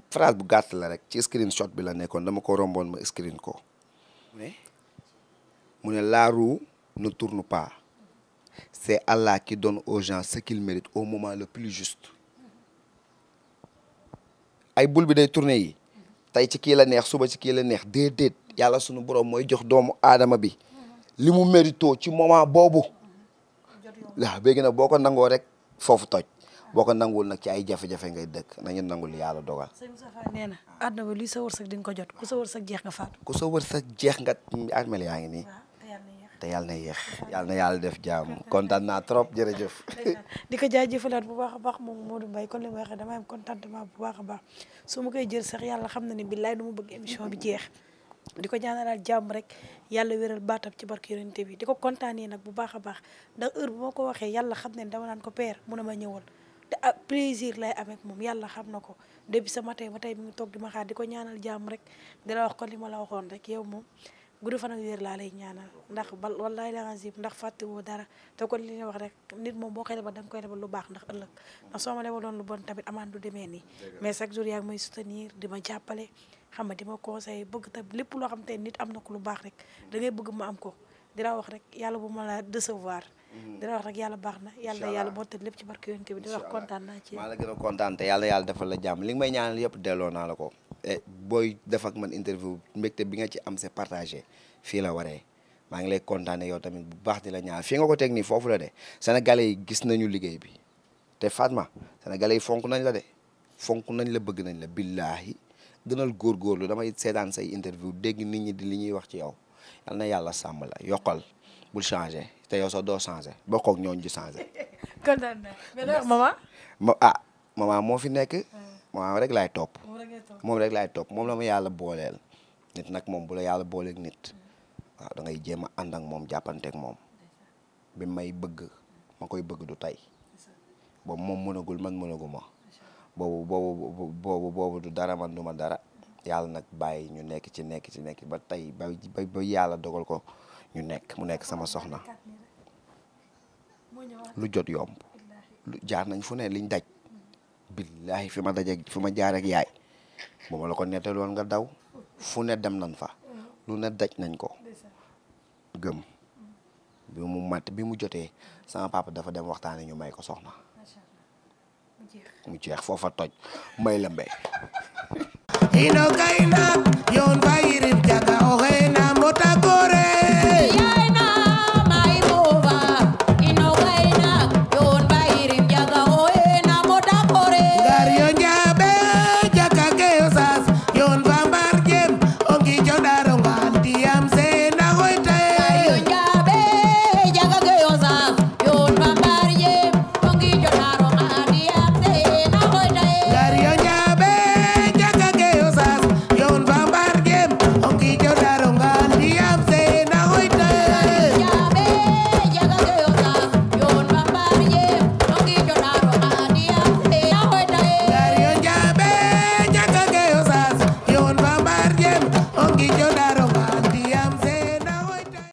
phrase bu gàtt la rek ci screenshot bi la nekkoon dama ko romboon ma screen ko mu ne la roue ne tourne pas c'est Allah qui don aux gens ce qu'ils méritent au moment le plus juste ay bul bi day tourné yi tey ci kii la neex suba ci kii la neex déedéet yàlla sunu borom mooy jox doomu aadama bi li mu mérito ci moment boobu waaw léegi na boo ko nangoo rek foofu toj boo ko nanguwul nag ci ay jafe-jafe ngay dëkk nañu nangul yàlla dogal. sëñ Moustapha nee na àdduna ba luy sa wërsëg di ko jot ku sa wërsëg jeex nga faatu. ku sa wërsëg jeex nga armel yaa ngi nii. te yàlla na yéex yàlla na yàlla def jaamu kontaan naa trop jërëjëf. di ko jaajëfalaat bu baax a baax moom Modou Mbaye kon li ma waxee dama am bu baax a baax su ma koy jël sax yàlla xam na ne billaay du ma bëgg émission bi jeex. di ko ñaanalaat jàmm rek yàlla wéral baatam ci barke yonente bi di ko kontaanee nag bu baax a baax ndax heure bu ma ko waxee yàlla xam ne dama naan ko père mu ne ma ñëwal. te ah lay amee moom yàlla xam na ko depuis ce matin tey mi ngi toog di ma xaar di ko ñaanal jàmm rek di la wax ko li ma la waxoon rek yow moom. gudd fan ak wér laa lay ñaanal ndax bal wallaay la azim ndax fàtte woo dara te kon li ñuy wax rek nit moom boo koy lebal da nga koy lebal lu baax ndax ëllëg ndax soo ma lebaloon lu bon tamit amaan du demee nii mais chaque jour yaa ngi may di ma jàppale xam nga di ma conseiller bëgg te lépp loo xam te nit am na ko lu baax rek da bëgg ma am ko dina wax rek yàlla bu ma la décevoir mm-hmm. dina wax rek yàlla baax na yàlla yàlla bootal lépp ci barke a kontaan te yàlla yàlla defal la jàmm li nga may ñaanal yëpp delloo naa la ko Eh, booy def man interview mbégte bi nga ci am c'est partagé fii la waree maa ngi lay kontaane yow tamit bu baax te la ñaan fii nga ko teg nii foofu la de sénégalais yi gis nañu liggéey bi te Fatma sénégalais yi fonk nañ la de fonk nañ la bëgg nañ la billaahi gënal góor góor góorgóorlu damay seetaan say interview dégg nit ñi di li ñuy wax ci yow yal na yàlla sàmm la yokkal bul changé te yow sax doo changé bokkoo ak ñooñu di changé. kontaan naa ah, moo fi nekk. maman rek laay topp. moom rek laay topp moom la ma yàlla booleel nit nag moom bu la yàlla booleeg nit waaw dangay ngay jéem a ànd moom jàppanteek moom bi may bëgg ma koy bëgg du tey boobu moom mënagul man mënaguma ma boobu boobu du dara man du ma dara yàlla nag bàyyi ñu nekk ci nekk ci nekk ba tey ba ba yàlla dogal ko ñu nekk mu nekk sama soxna lu jot yomb jaar nañ fu ne liñ daj billaahi fi ma daj ak fi ma jaar ak yaay moo ma la ko nettaloon nga daw fu ne dem nañ fa lu ne daj nañ ko gëm bi mu mat bi mu jotee sama papa dafa dem waxtaane ñu may ko soxna mu jeex foofa toj may la mbay ino kayna yoon fa yirib jaga oxeena mota gore